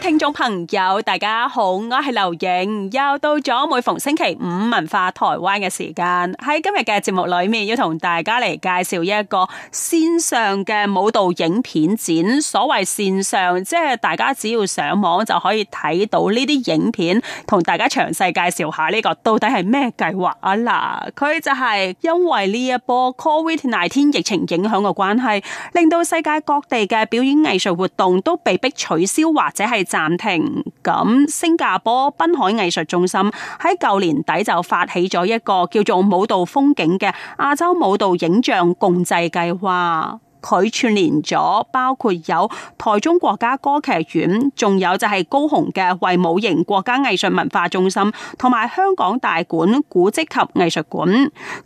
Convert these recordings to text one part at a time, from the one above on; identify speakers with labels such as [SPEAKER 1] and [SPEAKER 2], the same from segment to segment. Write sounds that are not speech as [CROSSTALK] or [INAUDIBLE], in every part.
[SPEAKER 1] 聽眾朋友，大家好，我係劉影，又到咗每逢星期五文化台灣嘅時間。喺今日嘅節目裏面，要同大家嚟介紹一個線上嘅舞蹈影片展。所謂線上，即係大家只要上網就可以睇到呢啲影片，同大家詳細介紹下呢個到底係咩計劃啊？嗱，佢就係因為呢一波 COVID-19 疫情影響嘅關係，令到世界各地嘅表演藝術活動都被迫取消或者係暫停咁，新加坡濱海藝術中心喺舊年底就發起咗一個叫做舞蹈風景嘅亞洲舞蹈影像共製計劃。佢串聯咗，包括有台中國家歌劇院，仲有就係高雄嘅衛武營國家藝術文化中心，同埋香港大館古蹟及藝術館。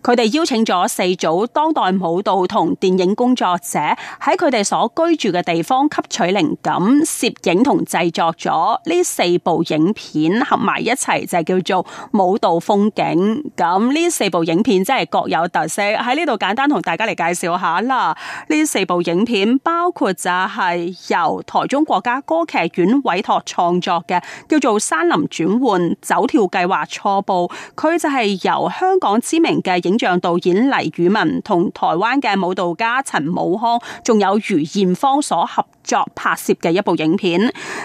[SPEAKER 1] 佢哋邀請咗四組當代舞蹈同電影工作者，喺佢哋所居住嘅地方吸取靈感，攝影同製作咗呢四部影片合，合埋一齊就係，叫做舞蹈風景。咁呢四部影片真係各有特色，喺呢度簡單同大家嚟介紹下啦。呢呢四部影片包括就係由台中國家歌劇院委託創作嘅，叫做《山林轉換》、《走跳計劃》、《初步》，佢就係由香港知名嘅影像導演黎宇文同台灣嘅舞蹈家陳武康，仲有余艷芳所合。作拍攝嘅一部影片，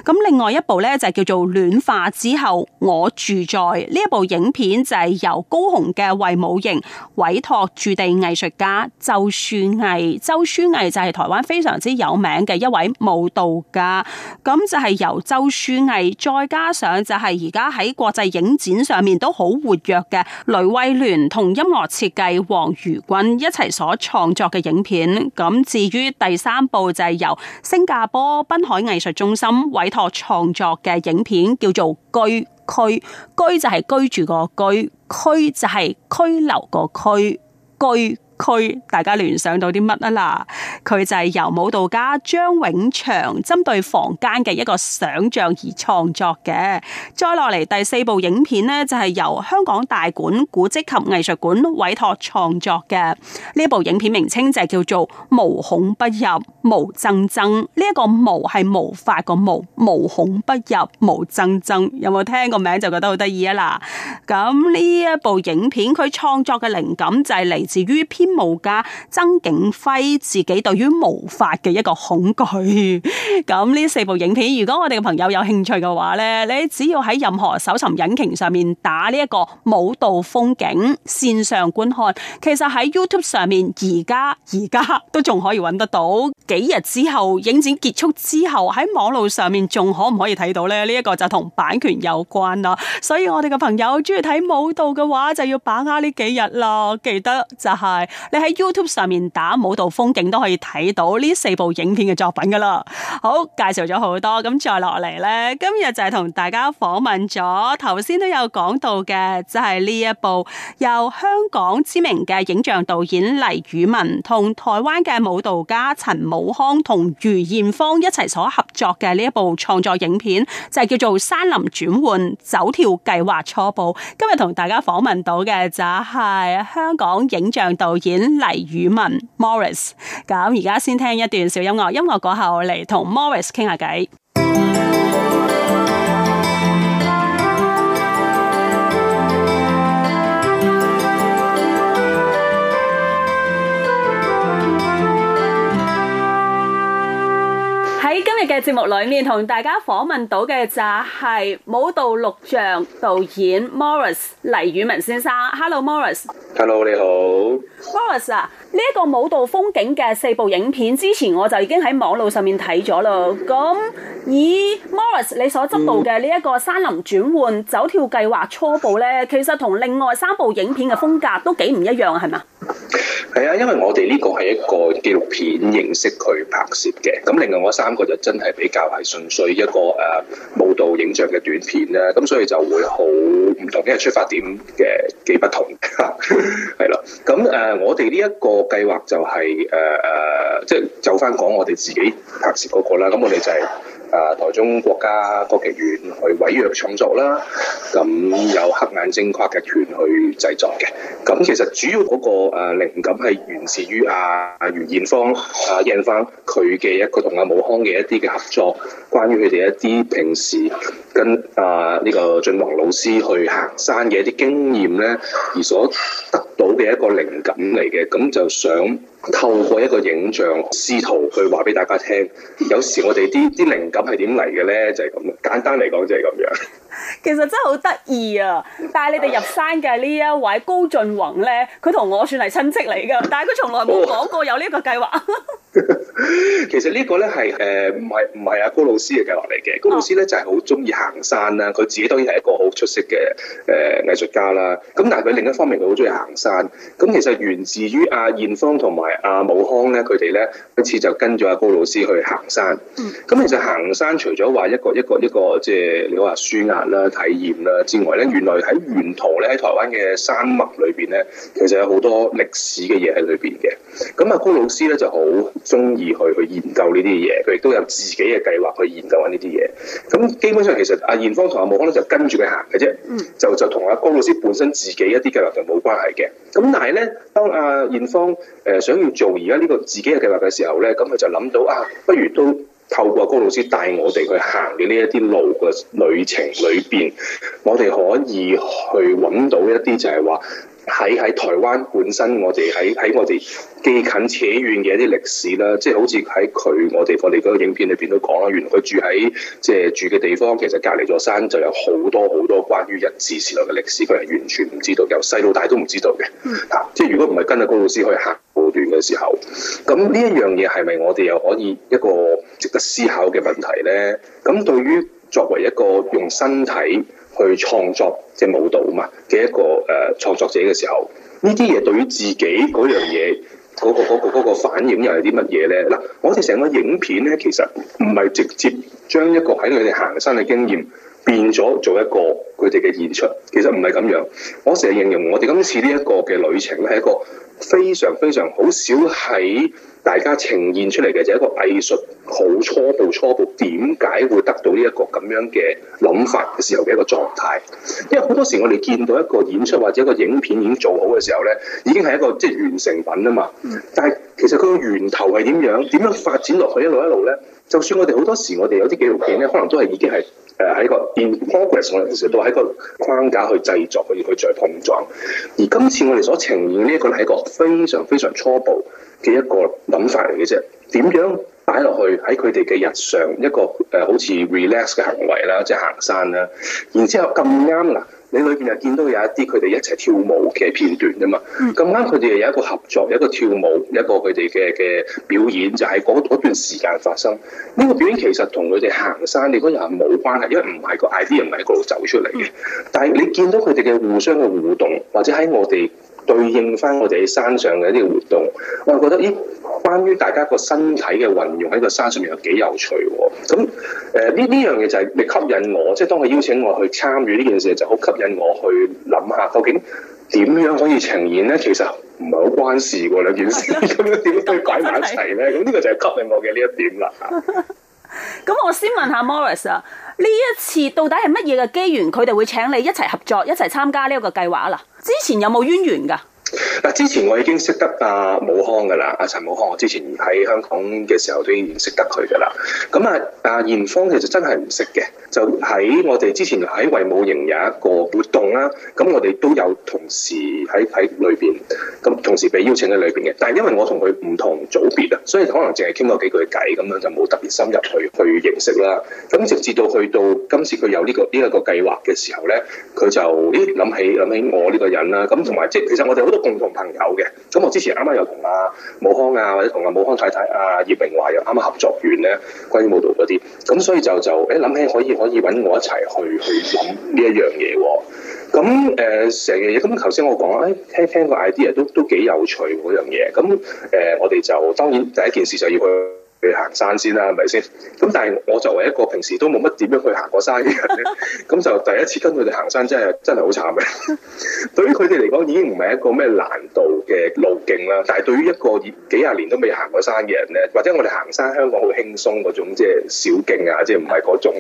[SPEAKER 1] 咁另外一部呢，就叫做暖化之後，我住在呢一部影片就係由高雄嘅衛武營委託駐地藝術家周書毅，周書毅就係台灣非常之有名嘅一位舞蹈家，咁就係由周書毅再加上就係而家喺國際影展上面都好活躍嘅雷慧聯同音樂設計王榆鈞一齊所創作嘅影片，咁至於第三部就係由星。新加坡濱海藝術中心委託創作嘅影片叫做居《居區》，居就係居住個居，區就係拘留個區居。居區大家聯想到啲乜啊啦？佢就係由舞蹈家張永祥針對房間嘅一個想象而創作嘅。再落嚟第四部影片呢，就係由香港大館古蹟及藝術館委託創作嘅。呢部影片名稱就叫做《無孔不入無爭爭》。呢、這、一個無係無法個無，無孔不入無爭爭。有冇聽個名就覺得好得意啊啦？咁呢一部影片佢創作嘅靈感就係嚟自於無家曾景輝自己對於無法嘅一個恐懼，咁 [LAUGHS] 呢四部影片，如果我哋嘅朋友有興趣嘅話呢，你只要喺任何搜尋引擎上面打呢一個舞蹈風景線上觀看，其實喺 YouTube 上面而家而家都仲可以揾得到。幾日之後影展結束之後喺網路上面仲可唔可以睇到呢？呢一個就同版權有關啦，所以我哋嘅朋友中意睇舞蹈嘅話就要把握呢幾日咯，記得就係。你喺 YouTube 上面打舞蹈風景都可以睇到呢四部影片嘅作品噶啦。好介紹咗好多，咁再落嚟咧，今日就係同大家訪問咗，頭先都有講到嘅，就係呢一部由香港知名嘅影像導演黎宇文同台灣嘅舞蹈家陳武康同余彥芳一齊所合作嘅呢一部創作影片，就係叫做《山林轉換走跳計劃》初步。今日同大家訪問到嘅就係香港影像導演演黎宇文 Morris，咁而家先聽一段小音樂，音樂過後嚟同 Morris 傾下偈。喺今日嘅節目裏面，同大家訪問到嘅就係舞蹈錄像導演 Maurice 黎宇文先生。Hello，Maurice。
[SPEAKER 2] Hello，你好。
[SPEAKER 1] Maurice 啊，呢、這、一個舞蹈風景嘅四部影片，之前我就已經喺網路上面睇咗啦。咁、嗯嗯、以 Maurice 你所執導嘅呢一個山林轉換走跳計劃初步呢，其實同另外三部影片嘅風格都幾唔一樣啊，係嘛？
[SPEAKER 2] 係啊，因為我哋呢個係一個紀錄片，形式去拍攝嘅。咁另外我三個就真係比較係純粹一個誒、呃、舞蹈影像嘅短片啦。咁所以就會好唔同，因為出發點嘅幾不同。係 [LAUGHS] 啦，咁誒、呃，我哋呢一個計劃就係誒誒，即係走返講我哋自己拍攝嗰、那個啦。咁我哋就係、是。啊！台中國家歌劇院去委約創作啦，咁、啊、有黑眼睛跨劇團去製作嘅。咁、啊、其實主要嗰、那個誒靈、啊、感係源自於阿阿余彥芳啊，應翻佢嘅一個同阿武康嘅一啲嘅合作，關於佢哋一啲平時跟啊呢、這個俊宏老師去行山嘅一啲經驗咧，而所得到嘅一個靈感嚟嘅。咁、啊、就想透過一個影像試圖去話俾大家聽，有時我哋啲啲靈感。咁係點嚟嘅咧？就係咁，簡單嚟講，就係咁樣。
[SPEAKER 1] 其實真係好得意啊！帶你哋入山嘅呢一位高俊宏咧，佢同我算係親戚嚟噶，但係佢從來冇講過有呢個計劃。哦、 [LAUGHS] [LAUGHS] 其
[SPEAKER 2] 實呢個咧係誒唔係唔係阿高老師嘅計劃嚟嘅。高老師咧就係好中意行山啦，佢自己當然係一個好出色嘅誒藝術家啦。咁但係佢另一方面佢好中意行山。咁其實源自於阿燕芳同埋阿武康咧，佢哋咧一次就跟住阿高老師去行山。咁其實行山除咗話一個一個一個，即係、就是、你話舒壓。啦體驗啦之外咧，原來喺沿途咧喺台灣嘅山脈裏邊咧，其實有好多歷史嘅嘢喺裏邊嘅。咁、嗯、阿高老師咧就好中意去去研究呢啲嘢，佢亦都有自己嘅計劃去研究緊呢啲嘢。咁、嗯嗯、基本上其實阿、啊、賢方同阿木可能就跟住佢行嘅啫，就就同阿、啊、高老師本身自己一啲計劃就冇關係嘅。咁但係咧，當阿、啊、賢方誒想要做而家呢個自己嘅計劃嘅時候咧，咁佢就諗到啊，不如都。透過高老師帶我哋去行嘅呢一啲路嘅旅程裏邊，我哋可以去揾到一啲就係話喺喺台灣本身我我近近、就是，我哋喺喺我哋既近且遠嘅一啲歷史啦。即係好似喺佢我哋放嚟嗰個影片裏邊都講啦，原來佢住喺即係住嘅地方，其實隔離座山就有好多好多關於日治時代嘅歷史，佢係完全唔知道，由細到大都唔知道嘅。嗯，啊，即係如果唔係跟阿高老師去行路段嘅時候，咁呢一樣嘢係咪我哋又可以一個？值得思考嘅問題呢，咁對於作為一個用身體去創作即係、就是、舞蹈啊嘛嘅一個誒、呃、創作者嘅時候，呢啲嘢對於自己嗰樣嘢，嗰、嗰個嗰、嗰個嗰個、反應又係啲乜嘢呢？嗱，我哋成個影片呢，其實唔係直接將一個喺佢哋行山嘅經驗變咗做一個佢哋嘅演出，其實唔係咁樣。我成日形容我哋今次呢一個嘅旅程咧，係一個。非常非常好少喺大家呈現出嚟嘅就係一個藝術好初步初步，點解會得到呢一個咁樣嘅諗法嘅時候嘅一個狀態，因為好多時我哋見到一個演出或者一個影片已經做好嘅時候咧，已經係一個即係、就是、完成品啊嘛。但係其實佢個源頭係點樣點樣發展落去一路一路咧？就算我哋好多時我哋有啲紀錄片咧，可能都係已經係。誒喺個 in progress 我哋其實都喺個框架去製作，去去再碰撞。而今次我哋所呈現呢一個係一個非常非常初步嘅一個諗法嚟嘅啫。點樣擺落去喺佢哋嘅日常一個誒、呃、好似 relax 嘅行為啦，即係行山啦，然之後咁啱啦。你裏邊又見到有一啲佢哋一齊跳舞嘅片段啊嘛，咁啱佢哋又有一個合作，有一個跳舞，有一個佢哋嘅嘅表演就喺嗰段時間發生。呢個表演其實同佢哋行山你嗰日係冇關係，因為唔係個 idea 唔係個路走出嚟嘅。但係你見到佢哋嘅互相嘅互動，或者喺我哋。對應翻我哋喺山上嘅一啲活動，我就覺得咦，關於大家個身體嘅運用喺個山上面又幾有趣喎。咁誒呢呢樣嘢就係你吸引我，即係當佢邀請我去參與呢件事，就好吸引我去諗下究竟點樣可以呈現咧。其實唔係好關事喎兩件事，咁樣點樣可以擺埋一齊咧？咁呢個就係吸引我嘅呢一點啦。 [LAUGHS]
[SPEAKER 1] 咁 [LAUGHS] 我先問下 Morris 啊，呢一次到底係乜嘢嘅機緣，佢哋會請你一齊合作，一齊參加呢個計劃啦？之前有冇淵源㗎？
[SPEAKER 2] 嗱，之前我已經識得阿武康噶啦，阿陳武康，我之前喺香港嘅時候都已經識得佢噶啦。咁啊，阿賢芳其實真係唔識嘅，就喺我哋之前喺衛武營有一個活動啦，咁我哋都有同時喺喺裏邊，咁同時被邀請喺裏邊嘅。但係因為我同佢唔同組別啊，所以可能淨係傾過幾句偈咁樣，就冇特別深入去去認識啦。咁直至到去到今次佢有呢、呢個呢一、呢個計劃嘅時候咧，佢就咦諗起諗起我呢個人啦。咁同埋即係其實我哋好多共同朋友嘅，咁我之前啱啱又同阿武康啊，或者同阿武康太太阿葉名樺又啱啱合作完咧，關於舞蹈嗰啲，咁所以就就誒諗、欸、起可以可以揾我一齊去去諗呢一樣嘢喎，咁誒成日嘢，咁頭先我講啦，誒、欸、聽聽個 idea 都都幾有趣嗰樣嘢，咁誒、呃、我哋就當然第一件事就要去。去行山先啦，係咪先？咁但係我作為一個平時都冇乜點樣去行過山嘅人咧，咁就第一次跟佢哋行山真，真係真係好慘嘅。 [LAUGHS] 對於佢哋嚟講，已經唔係一個咩難度嘅路徑啦。但係對於一個幾廿年都未行過山嘅人咧，或者我哋行山香港好輕鬆嗰種，即係小徑啊，即係唔係嗰種，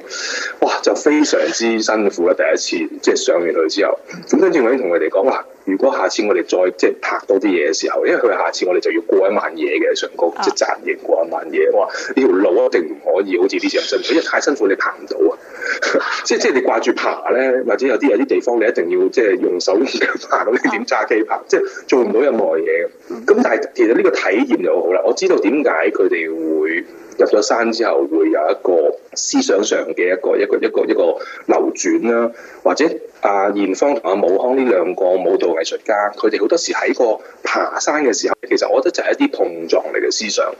[SPEAKER 2] 哇，就非常之辛苦啦！第一次即係上完去之後，咁跟住我已經同佢哋講話。如果下次我哋再即係拍多啲嘢嘅時候，因為佢話下次我哋就要過一晚嘢嘅上高，啊、即係紮營過一晚嘢。我話呢條路一定唔可以，好似啲人真因為太辛苦，你爬唔到啊！ [LAUGHS] 即係即係你掛住爬咧，或者有啲有啲地方你一定要即係用手嚟 [LAUGHS] 爬，爬，咁你點揸機爬？即係做唔到任何嘢。咁但係其實呢個體驗就好好啦，我知道點解佢哋會。入咗山之後，會有一個思想上嘅一,一個一個一個一個流轉啦、啊，或者阿、啊、賢芳同阿、啊、武康呢兩個舞蹈藝術家，佢哋好多時喺一個爬山嘅時候，其實我覺得就係一啲碰撞嚟嘅思想。呢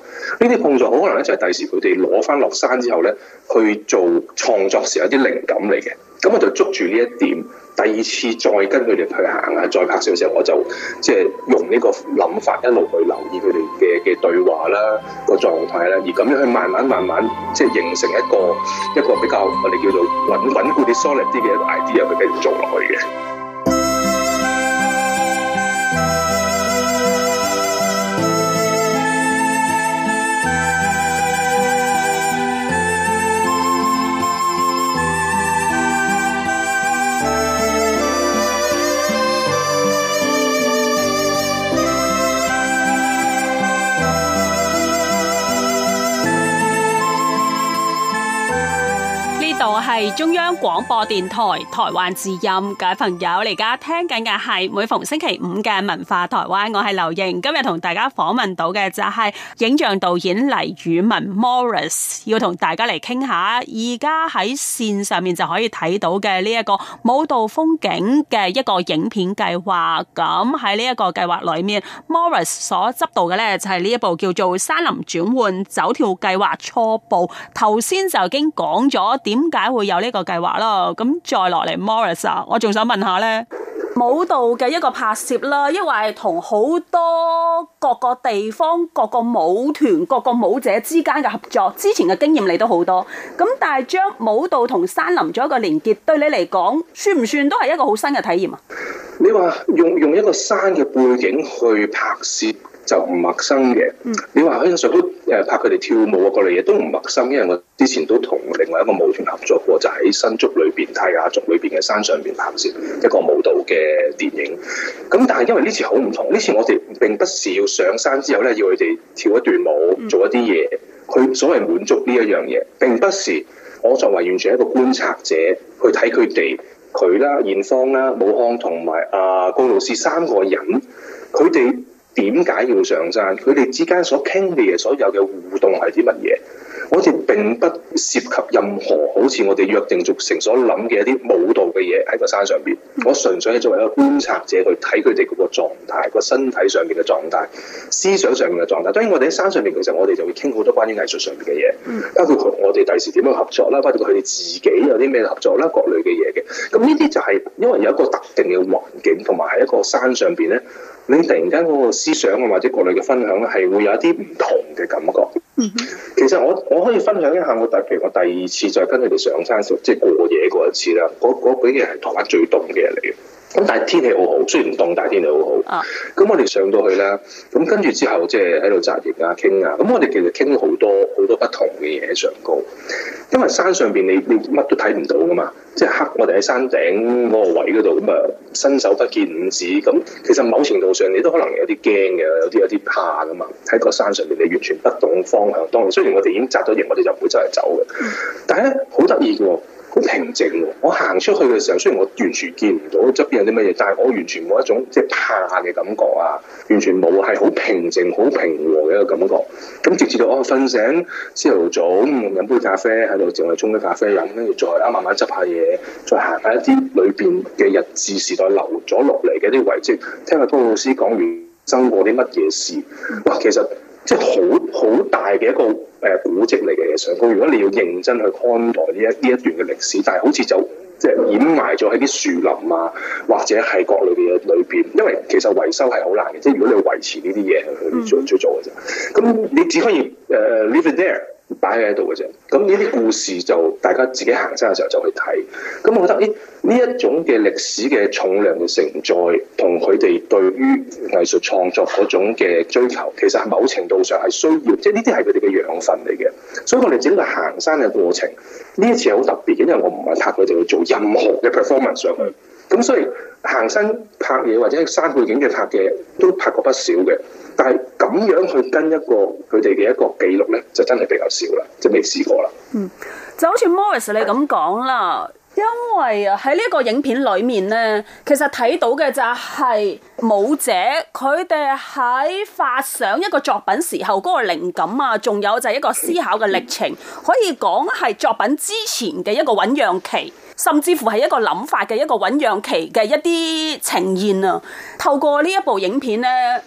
[SPEAKER 2] 啲碰撞好可能咧，就係第時佢哋攞翻落山之後咧，去做創作時有啲靈感嚟嘅。咁我就捉住呢一點，第二次再跟佢哋去行啊，再拍攝嘅時候，我就即係、就是、用呢個諗法一路去留意佢哋嘅嘅對話啦、個狀態啦，而咁樣去慢慢慢慢即係、就是、形成一個一個比較我哋叫做穩穩固啲、solid 啲嘅 idea 去繼續做落去嘅。
[SPEAKER 1] 廣播電台台灣之音，各位朋友，你而家聽緊嘅係每逢星期五嘅文化台灣，我係劉瑩。今日同大家訪問到嘅就係影像導演黎宇文 Morris，要同大家嚟傾下，而家喺線上面就可以睇到嘅呢一個舞蹈風景嘅一個影片計劃。咁喺呢一個計劃裏面，Morris 所執導嘅咧就係呢一部叫做《山林轉換走跳計劃》初步。頭先就已經講咗點解會有呢個計劃。啦，咁再落嚟，Morris 啊，我仲想問下咧，舞蹈嘅一個拍攝啦，因為同好多各個地方、各個舞團、各個舞者之間嘅合作，之前嘅經驗你都好多，咁但係將舞蹈同山林做一個連結，對你嚟講算唔算都係一個好新嘅體驗啊？
[SPEAKER 2] 你話用用一個山嘅背景去拍攝。就唔陌生嘅，你話喺上坡誒拍佢哋跳舞啊，嗰類嘢都唔陌生，因為我之前都同另外一個舞團合作過，就喺、是、新竹裏邊、泰雅族裏邊嘅山上邊拍攝一個舞蹈嘅電影。咁但係因為呢次好唔同，呢次我哋並不是要上山之後咧，要佢哋跳一段舞，做一啲嘢。佢所謂滿足呢一樣嘢，並不是我作為完全一個觀察者去睇佢哋，佢啦、艷芳啦、武漢同埋阿高老師三個人，佢哋。點解要上山？佢哋之間所傾嘅嘢，所有嘅互動係啲乜嘢？我哋並不涉及任何好似我哋約定俗成所諗嘅一啲舞蹈嘅嘢喺個山上邊。我純粹係作為一個觀察者去睇佢哋嗰個狀態、個身體上面嘅狀態、思想上面嘅狀態。當然，我哋喺山上邊，其實我哋就會傾好多關於藝術上面嘅嘢，包括我哋第時點樣合作啦，包括佢哋自己有啲咩合作啦，各類嘅嘢嘅。咁呢啲就係因為有一個特定嘅環境，同埋喺一個山上邊咧。你突然間嗰個思想啊，或者各類嘅分享咧，係會有一啲唔同嘅感覺。其實我我可以分享一下，我特別我第二次再跟你哋上山時，即係過夜嗰一次啦。嗰幾日係台灣最凍嘅日嚟嘅。咁、嗯、但係天氣好好，雖然唔凍，但係天氣好好。咁、啊嗯、我哋上到去啦，咁、嗯、跟住之後即係喺度紮營啊、傾啊。咁、嗯、我哋其實傾好多好多不同嘅嘢上高，因為山上邊你你乜都睇唔到噶嘛，即係黑。我哋喺山頂嗰個位嗰度，咁啊伸手不見五指。咁、嗯、其實某程度上你都可能有啲驚嘅，有啲有啲怕噶嘛。喺個山上邊你完全不懂方向。當然，雖然我哋已經紮咗營，我哋就唔會真係走嘅。但係咧，好得意嘅喎。好平靜喎！我行出去嘅時候，雖然我完全見唔到側邊有啲乜嘢，但係我完全冇一種即係怕嘅感覺啊！完全冇，係好平靜、好平和嘅一個感覺。咁直至到我瞓醒，朝頭早飲杯咖啡喺度，淨係沖啲咖啡飲，跟住再啊慢慢執下嘢，再行下一啲裏邊嘅日治時代留咗落嚟嘅啲遺跡。聽個高老師講完，發生過啲乜嘢事？哇！其實～即係好好大嘅一個誒、呃、古蹟嚟嘅嘢上高，如果你要認真去看待呢一呢一段嘅歷史，但係好似就即係掩埋咗喺啲樹林啊，或者係各類嘅嘢裏邊，因為其實維修係好難嘅，即係如果你維持呢啲嘢，佢做做做嘅啫。咁你只可以誒、uh, leave it there。擺喺度嘅啫，咁呢啲故事就大家自己行山嘅時候就去睇。咁我覺得，呢呢一種嘅歷史嘅重量嘅承載，同佢哋對於藝術創作嗰種嘅追求，其實係某程度上係需要，即係呢啲係佢哋嘅養分嚟嘅。所以我哋整個行山嘅過程，呢一次係好特別嘅，因為我唔係拍佢哋去做任何嘅 performance 上去。咁所以。行山拍嘢或者山背景嘅拍嘢都拍過不少嘅，但係咁樣去跟一個佢哋嘅一個記錄咧，就真係比較少啦，即未試過啦。嗯，
[SPEAKER 1] 就好似 Morris 你咁講啦，是因為啊喺呢一個影片裏面咧，其實睇到嘅就係舞者佢哋喺發想一個作品時候嗰個靈感啊，仲有就係一個思考嘅歷程，可以講係作品之前嘅一個醞釀期。甚至乎係一個諗法嘅一個醞釀期嘅一啲呈現啊！透過呢一部影片咧，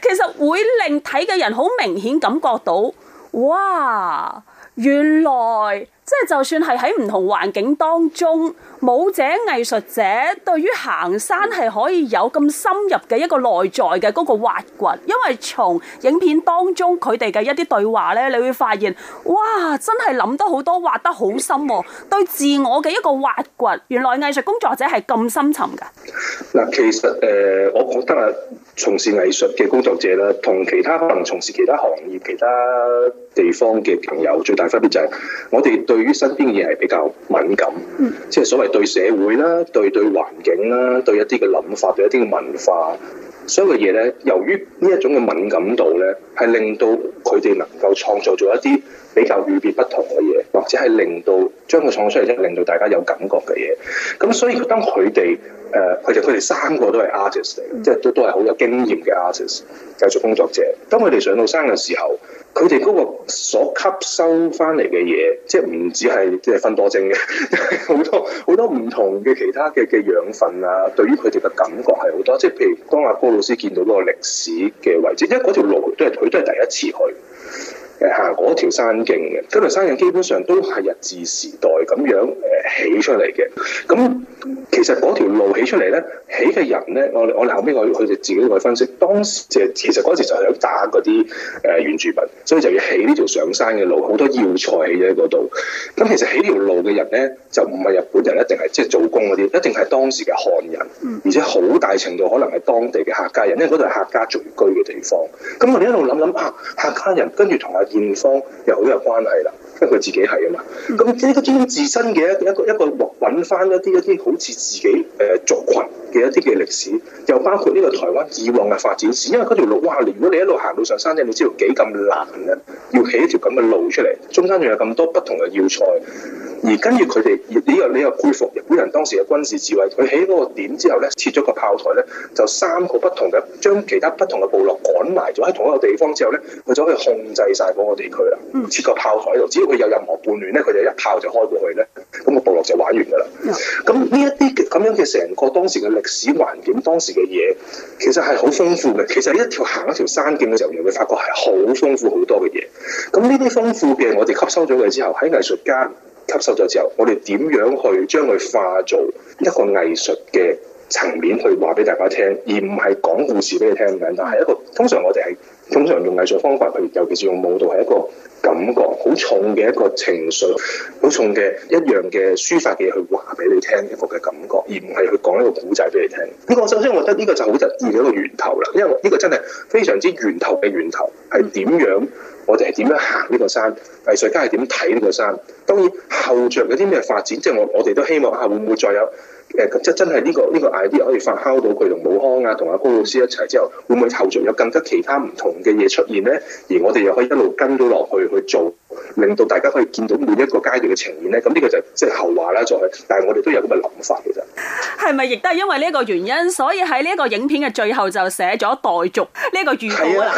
[SPEAKER 1] 其實會令睇嘅人好明顯感覺到，嘩！原來。即係就算係喺唔同環境當中，舞者藝術者對於行山係可以有咁深入嘅一個內在嘅嗰個挖掘，因為從影片當中佢哋嘅一啲對話咧，你會發現哇，真係諗得好多，挖得好深喎，對自我嘅一個挖掘。原來藝術工作者係咁深沉㗎。
[SPEAKER 2] 嗱，其實誒、呃、我覺得啊，從事藝術嘅工作者咧，同其他可能從事其他行業其他地方嘅朋友，最大分別就係我哋對。對於身邊嘅嘢係比較敏感，即係所謂對社會啦、對對環境啦、對一啲嘅諗法、對一啲嘅文化，所有嘅嘢咧，由於呢一種嘅敏感度咧，係令到佢哋能夠創造咗一啲比較與別不同嘅嘢，或者係令到將佢創出嚟，即係令到大家有感覺嘅嘢。咁所以當佢哋誒，其實佢哋三個都係 artists 嚟，即係都都係好有經驗嘅 artists 藝術工作者。當佢哋上到山嘅時候，佢哋嗰個所吸收翻嚟嘅嘢，即係唔止係即係芬多精嘅，好多好多唔同嘅其他嘅嘅養分啊！對於佢哋嘅感覺係好多，即係譬如當阿高老師見到嗰個歷史嘅位置，因為嗰條路都係佢都係第一次去，誒行嗰條山徑嘅，嗰條山徑基本上都係日治時代咁樣。起出嚟嘅，咁其實嗰條路起出嚟咧，起嘅人咧，我我哋後屘我佢哋自己都分析，當時即係其實嗰時就係有打嗰啲誒原住民，所以就要起呢條上山嘅路，好多要塞喺咗嗰度。咁其實起條路嘅人咧，就唔係日本人一、就係，一定係即係做工嗰啲，一定係當時嘅漢人，而且好大程度可能係當地嘅客家人，因為嗰度係客家聚居嘅地方。咁我哋一路諗諗啊，客家人跟住同阿建方又好有關係啦。因為佢自己係啊嘛，咁呢個啲自身嘅一一個一個揾翻一啲一啲好似自己誒、呃、族群嘅一啲嘅歷史，又包括呢個台灣以往嘅發展史，因為嗰條路哇，如果你一路行到上山頂，你知道幾咁難啊，要起一條咁嘅路出嚟，中間仲有咁多不同嘅要素。嗯、而跟住佢哋，你又你又佩服日本人當時嘅軍事智慧。佢起嗰個點之後咧，設咗個炮台咧，就三個不同嘅，將其他不同嘅部落趕埋咗喺同一個地方之後咧，佢就可以控制晒嗰個地區啦。設、嗯、個炮台度，只要佢有任何叛亂咧，佢就一炮就開過去咧，咁、嗰個部落就玩完㗎喇。咁呢一啲咁樣嘅成個當時嘅歷史環境，當時嘅嘢其實係好豐富嘅。其實呢一條行一條山徑嘅時候，你會發覺係好豐富好多嘅嘢。咁呢啲豐富嘅，我哋吸收咗佢之後，喺藝術家。收咗之後，我哋點樣去將佢化做一個藝術嘅層面去話俾大家聽，而唔係講故事俾你聽咁樣。但係一個通常我哋係通常用藝術方法去，尤其是用舞蹈，係一個感覺好重嘅一個情緒，好重嘅一樣嘅抒發嘅嘢去話俾你聽一個嘅感覺，而唔係去講一個古仔俾你聽。呢、嗰個首先，我覺得呢個就好得意嘅一個源頭啦。因為呢個真係非常之源頭嘅源頭係點樣？我哋係點樣行呢個山？藝術家係點睇呢個山？當然後續有啲咩發展，即係我我哋都希望啊，會唔會再有？誒，即真係呢、個呢、個 idea 可以發酵到佢同武康啊，同阿高老師一齊之後，會唔會後續有更加其他唔同嘅嘢出現咧？而我哋又可以一路跟到落去去做，令到大家可以見到每一個階段嘅呈現咧。咁呢個就即後話啦，再係，但係我哋都有咁嘅諗法嘅
[SPEAKER 1] 啫。係咪亦都係因為呢一個原因，所以喺呢一個影片嘅最後就寫咗代續呢一、個預告啦？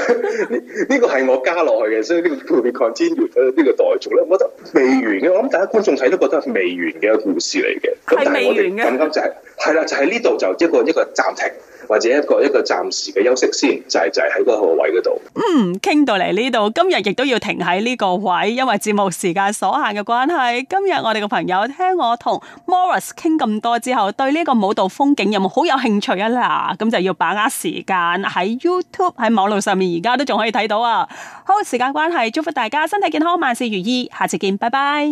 [SPEAKER 2] 呢個係我加落去嘅，所以呢、個《血戰鋼呢個代續咧，我覺得未完嘅。嗯、我諗大家觀眾睇都覺得係未完嘅一個故事嚟嘅。係未完嘅。就係啦，就喺呢度就一個一個暫停，或者一個一個暫時嘅休息先，就係就係喺嗰個位嗰度。
[SPEAKER 1] 嗯，傾到嚟呢度，今日亦都要停喺呢個位，因為節目時間所限嘅關係。今日我哋嘅朋友聽我同 Morris 傾咁多之後，對呢個舞蹈風景有冇好有，有興趣啊？嗱，咁就要把握時間喺 YouTube 喺網絡上面，而家都仲可以睇到啊！好，時間關係，祝福大家身體健康，萬事如意，下次見，拜拜。